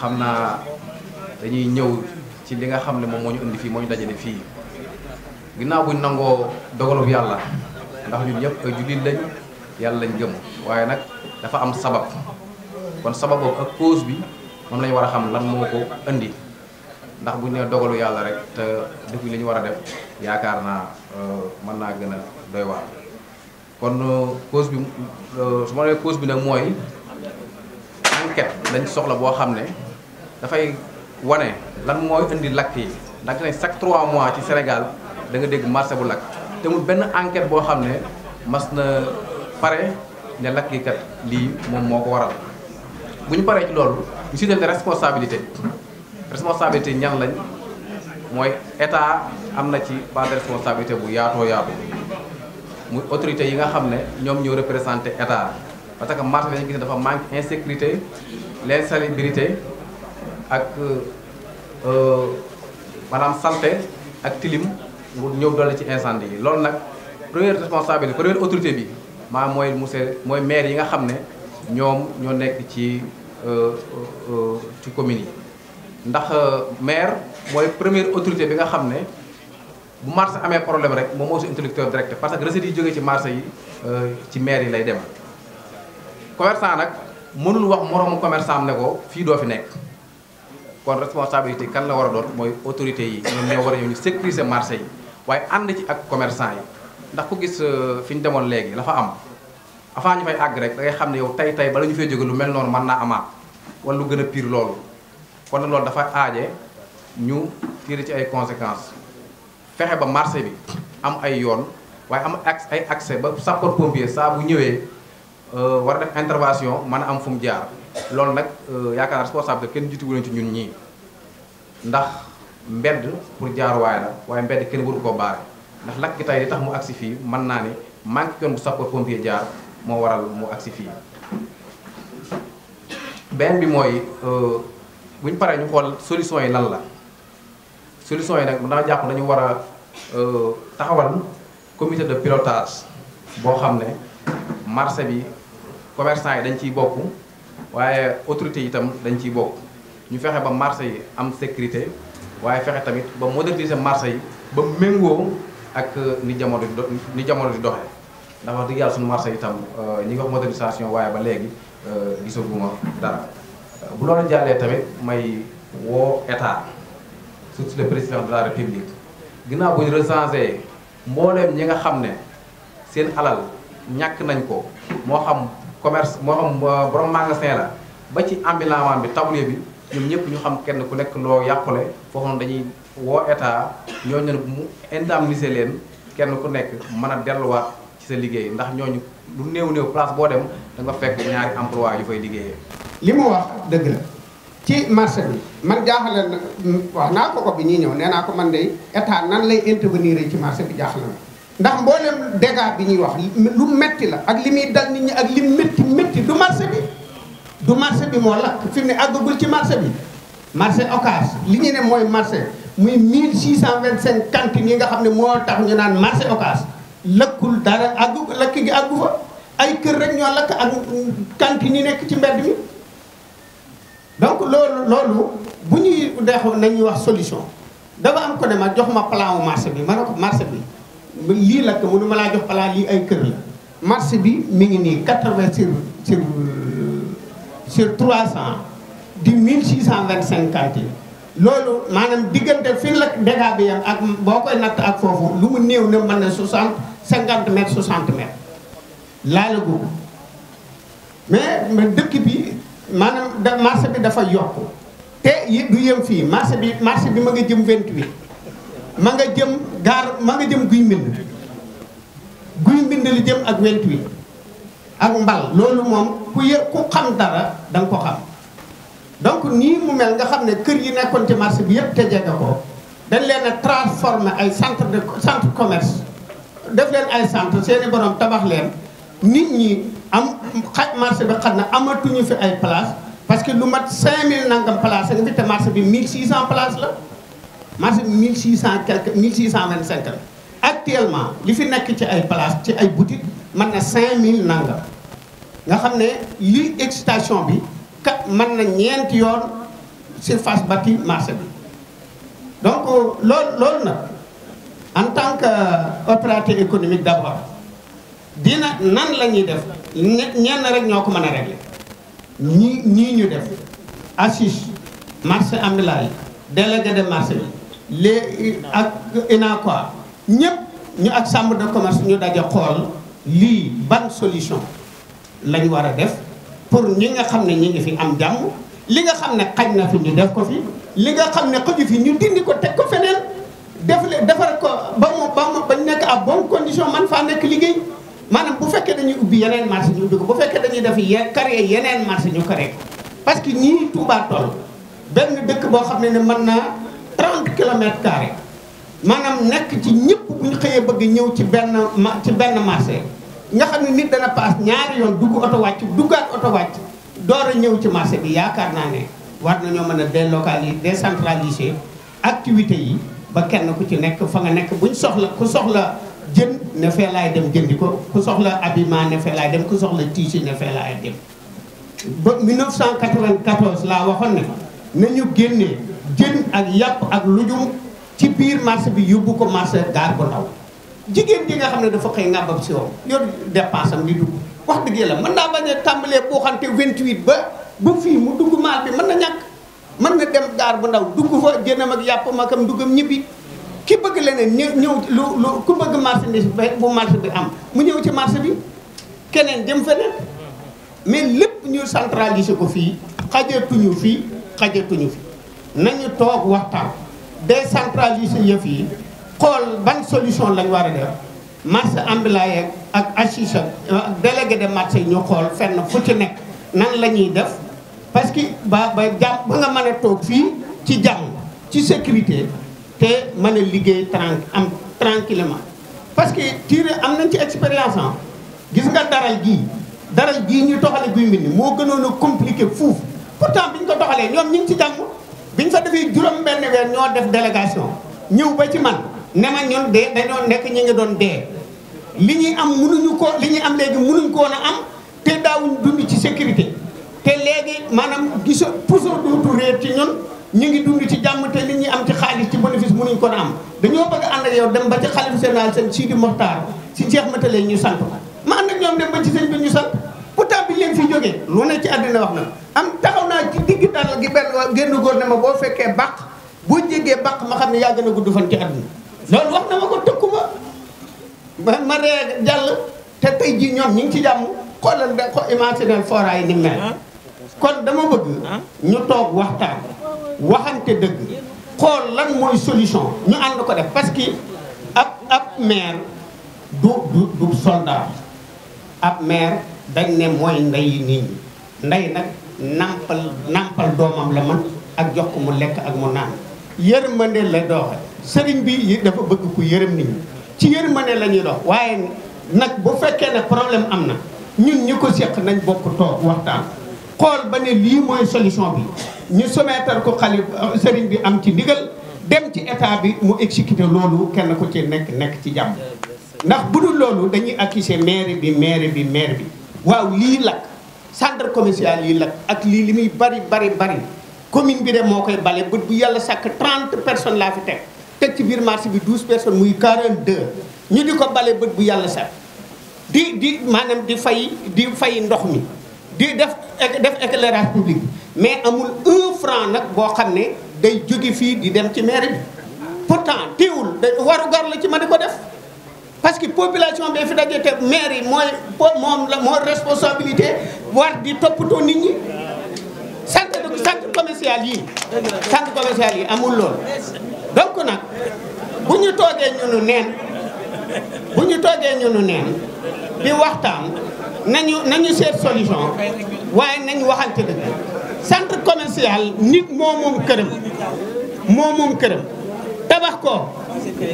xam naa dañuy ñëw ci li nga xam ne moom moo ñu indi fii moo ñu dajale fii ginnaaw buñ nangoo dogalub yàlla ndax ñun ñëpp ay jullit lañ yàlla lañ gëm waaye nag dafa am sabab kon sabab boobu ak cause bi moom lañu war a xam lan moo ko indi ndax buñ ne dogalu yàlla rek te defuñ li ñu war a def yaakaar naa euh, mën naa gën a doy waar kon euh, cause bi euh, su ma nee cause bi nag mooy enquête dañ soxla boo xam ne dafay wane lan mooy indi lakk yi ndax ne chaque mois ci Sénégal da nga dégg marché bu lakk te mu benn enquête boo xam ne mas na pare ne lakk yi kat lii moom moo ko waral bu ñu paree ci loolu ñu si def ne responsabilité responsabilité ñan lañ mooy état am na ci part de responsabilité bu yaatoo yaatu muy autorité yi nga xam ne ñoom ñoo représenté état parce que marché dañu gis ne dafa manque insécurité l'insalubrité ak euh, euh, maanaam sante ak tilim mu ñëw doole ci incendie yi loolu nag première responsabilité première autorité bi maa mooy monsieur mooy maire yi nga xam ne ñoom ñoo nekk ci euh, ci communes yi ndax maire mooy première autorité bi nga xam ne bu marché amee problème rek moom moo si interlocuteur direct parce que recettes yi jógee ci marché yi ci maire yi lay dem commerçant nag mënul wax moroomu commerçant am ne ko fii doo fi nekk kon responsabilité kan la war a doon mooy autorité yi ñoom ñoo war a ñëw ñu sécuriser marché yi waaye ànd ci ak commerçant yi ndax ko gis euh, fi ñu demoon léegi la fa am avant ñu fay àgg xam ne yow tey tey bala ñu fay jóge lu mel noonu mën naa amaat wala lu gën a pire loolu kon loolu dafa aaje ñu tirer ci ay conséquences fexe ba marché bi am ay yoon waaye am ay accès ba sapeur pompier saa bu ñëwee euh, war a def intervention mën a am fu mu jaar loolu nag euh, yaakaar responsable kenn jiitu wuleen ci ñun ñii ndax mbedd pour jaaruwaay la waaye mbedd kenn waru koo baare ndax lakk gi tey li tax mu agsi fii mën naa ni manque yoon bu sapeur pompier jaar moo waral mu agsi fii benn bi mooy euh, buñ paree ñu xool solution yi lan la solution yi nag dama jàpp dañu war a euh, taxawal comité de pilotage boo xam ne marché bi commerçant yi dañ ciy bokk waaye autorité itam dañ ciy bokk ñu fexe ba marché yi am sécurité waaye fexe tamit ba moderniser marché yi ba méngoo ak euh, ni jamono di ni jamono di doxee ndax wax dëgg yàlla suñu marché itam euh, ñi nga wax modernisation waaye ba léegi euh, gisaguma dara bu loolu jàllee tamit may woo état surtout le président de la république ginnaaw bu ñu recensé mbooleem ñi nga xam ne seen alal ñàkk nañ ko moo xam commerce moo xam euh, borom magasin la ba ci ambulant bi tablier bi ñoom ñëpp ñu xam kenn ku nekk loo yàqule foofu noonu dañuy woo état ñooñu ne mu indemniser leen kenn ku nekk mën a delluwaat ci sa liggéey ndax ñooñu lu néew néew place boo dem da nga fekk ñaari emploi yu fay liggéeyee. li mu wax dëgg la ci marché bi man jaaxale na wax naa ko ko bi ñuy ñëw nee naa ko man de état nan lay intervenir ci marché bi jaaxle na. ndax mboolem dégâts bi ñuy wax lu metti la ak li muy dal nit ñi ak li métti métti du marché bi du marché bi moo lakk fi mu ne àggagul ci marché bi marché Ocass li ñu ne mooy marché muy 1625 cantines yi nga xam ne moo tax ñu naan marché Ocass lakkul dara àggu lakk gi àggu fa ay kër rek ñoo lakk ak cantines yi nekk ci mbedd mi donc loolu loolu bu ñuy deexoon nañuy wax solution dafa am ko ne ma jox ma plan wu bi ma ne ko marché bi lii lakk mënu ma laa jox palaa lii ay kër la marché bi mi ngi nii quatre-vingt sur sur sur trois cent di mille six cent vingt-cinq yi loolu maanaam diggante fii la dégâts bi yam ak boo koy natt ak foofu lu mu néew na mën na soixante cinquante mètres soixante mètres laala mais mais dëkk bi maanaam da marché bi dafa yokk te yi du yem fii marché bi marché bi ma nga jëm 28 ma nga jëm gaar ma nga jëm guy mbind guy mbind li jëm ak went wi ak mbal loolu moom ku yë ku xam dara da ko xam donc nii mu mel nga xam ne kër yi nekkoon ci marché bi yëpp te jege ko dañ leen a transformé ay centre de centre commerce def leen ay centre seeni borom tabax leen nit ñi am xa marché bi xam na amatuñu fi ay place parce que lu mat 5000 nangam place nga fi te marché bi 1600 place la marché bi 1600 quelque 1625 la actuellement li fi nekk ci ay place ci ay boutique mën na 5000 nangam nga xam ne li excitation bi kat mën na ñeenti yoon surface bâti marché bi donc loolu euh, loolu nag en tant que euh, opérateur économique d'abord dina nan la ñuy def ñenn rek ñoo ko mën a régler ñii ñii ñu def assise marché ambulant yi délégué de marché bi les ak UNACOIS ñëpp ñu ak chambre de commerce ñu daje xool lii ban solution lañ war a def pour ñi nga xam ne ñi ngi fi am jàmm li nga xam ne xaj na fi ñu def ko fi li nga xam ne xaju fi ñu dindi ko teg ko feneen def le defar ko ba mu ba mu bañ nekk à bonne condition man faa nekk liggéey maanaam bu fekkee dañuy ubbi yeneen marché ñu ko bu fekkee dañuy def ye créer yeneen marché ñu créer ko parce que ñii Touba toll benn dëkk boo xam ne ne mën naa kilomètre carré maanaam nekk ci ñëpp bu ñu xëyee bëgg ñëw ci benn ma ci benn marché nga xam ne nit dana paas ñaari yoon dugg oto wàcc duggaat oto wàcc door a ñëw ci marché bi yaakaar naa ne war nañoo mën a délocaliser décentraliser activité yi ba kenn ku ci nekk fa nga nekk buñ soxla ku soxla jën ne fee laay dem jëndi ko ku soxla habillement ne fee laay dem ku soxla tissu ne fee laay dem ba 1994 laa waxoon ne nañu génnee jën ak yàpp ak lujum ci biir marché bi yóbbu ko marché gaar bu ndaw jigéen ji nga xam ne dafa xëy ngàbbam si woon yor dépense am di dugg wax dëgg yàlla mën naa bañ a tàmbalee buuxante 28 ba ba fii mu dugg maal bi mën na ñàkk mën na dem gaar bu ndaw dugg fa jënam ak yàppam akam duggam ñibbi ki bëgg leneen ñëw ñëw lu lu ku bëgg marchandise bu marché bi am mu ñëw ci marché bi keneen jëm feneen mais lépp ñu centraliser ko fii xajatuñu fii xajatuñu fii nañu toog waxtaan de décentraliser yëf yi xool ban solution lañ war a def marché ambulant ak ACHIS ak délégué de marché yi ñu xool fenn fu ci nekk nan la ñuy def parce que ba ba jàmm ba nga mën toog fii ci jàmm ci sécurité te mën a liggéey tranq am tranquillement parce que tiré am nañ ci expérience ah. gis nga daral gii daral gii ñu doxale guy mbind moo gënoon a compliqué fuuf pourtant bi ñu ko doxalee ñoom ñu ngi ci jàmm bi ñu fa defee juróom-benn weer ñoo def délégation ñëw ba ci man ne ma ñun dee dañoo nekk ñu ngi doon dee li ñuy am mënuñu ko li ñuy am léegi mënuñ koo na am te daawuñ dund ci sécurité te léegi maanaam gisa puso duutu réer ci ñun ñu ngi dund ci jàmm te li ñuy am ci xaalis ci bénéfice mënuñ ko woon am dañoo bëgg ànd ak yow dem ba ci xalif général seen Sidi Mokhtar si Cheikh Matale ñu sant ma ànd ñoom dem ba ci sëñ bi ñu sant pourtant bi leen fi jógee lu ci àddina wax na gi benn génn góor ne ma boo fekkee bàq boo jégee bàq ma xam ne yaa gën a gudd fan ci àdduna loolu wax na ma ko tëkku ma ma ma ree jàll te tey ji ñoom ñu ngi ci jàmm xoolal da ko imaginer fora yi ni mel kon dama bëgg ñu toog waxtaan waxante dëgg xool lan mooy solution ñu ànd ko def parce que ab ab maire du du du ab maire dañ ne mooy ndeyi nit ndey nag nampal nampal doomam la man ak jox ko mu lekk ak mu naan yërmande la doxe sëriñ bi dafa bëgg ko yërëm nit ñi ci yërmande la lañuy dox waaye nag bu fekkee ne problème am na ñun ñi ko seq nañ bokk toog waxtaan xool ba ne lii mooy solution bi ñu soumettre ko xalif sëriñ bi am ci ndigal dem ci état bi mu exécuté loolu kenn ku ci nekk nekk ci jàmm ndax bu dul loolu dañuy accuser maire bi maire bi maire bi waaw lii lakk centre commercial yi nag ak lii li muy bari bari bari commune bi de moo koy bale bët bu yàlla sàkk 30 personne laa fi teg teg ci biir marché bi 12 personnes muy 42 ñu di ko bale bët bu yàlla sàkk di di maanaam di fay di fay ndox mi di def def éclairage public mais amul un franc nag boo xam ne day jóge fii di dem ci mairie bi temps teewul waru gar la ci ma di ko def parce que population bi fi daje te maire yi mooy moom la moo responsabilité war di toppatoo nit ñi centre de centre commercial yi centre commercial yi amul lool donc nag bu ñu toogee ñunu ñu toogee ñunu neen di waxtaan nañu nañu seet solution waaye nañu waxante dëgg centre commercial nit moo moom këram moo këram tabax ko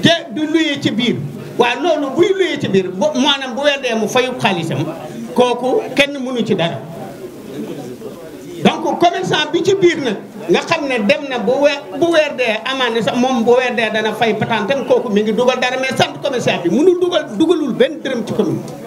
te luye ci biir waaw loolu buy luyee ci biir bo maanaam bu weer dee mu fayub xaalisam kooku kenn mënu ci dara donc commerçant bi ci biir na nga xam ne dem na bu we bu weer dee amaane sax moom bu weer dee dana fay patantam kooku mi ngi dugal dara mais sant commerçant bi mënul dugal dugalul benn dërëm ci commune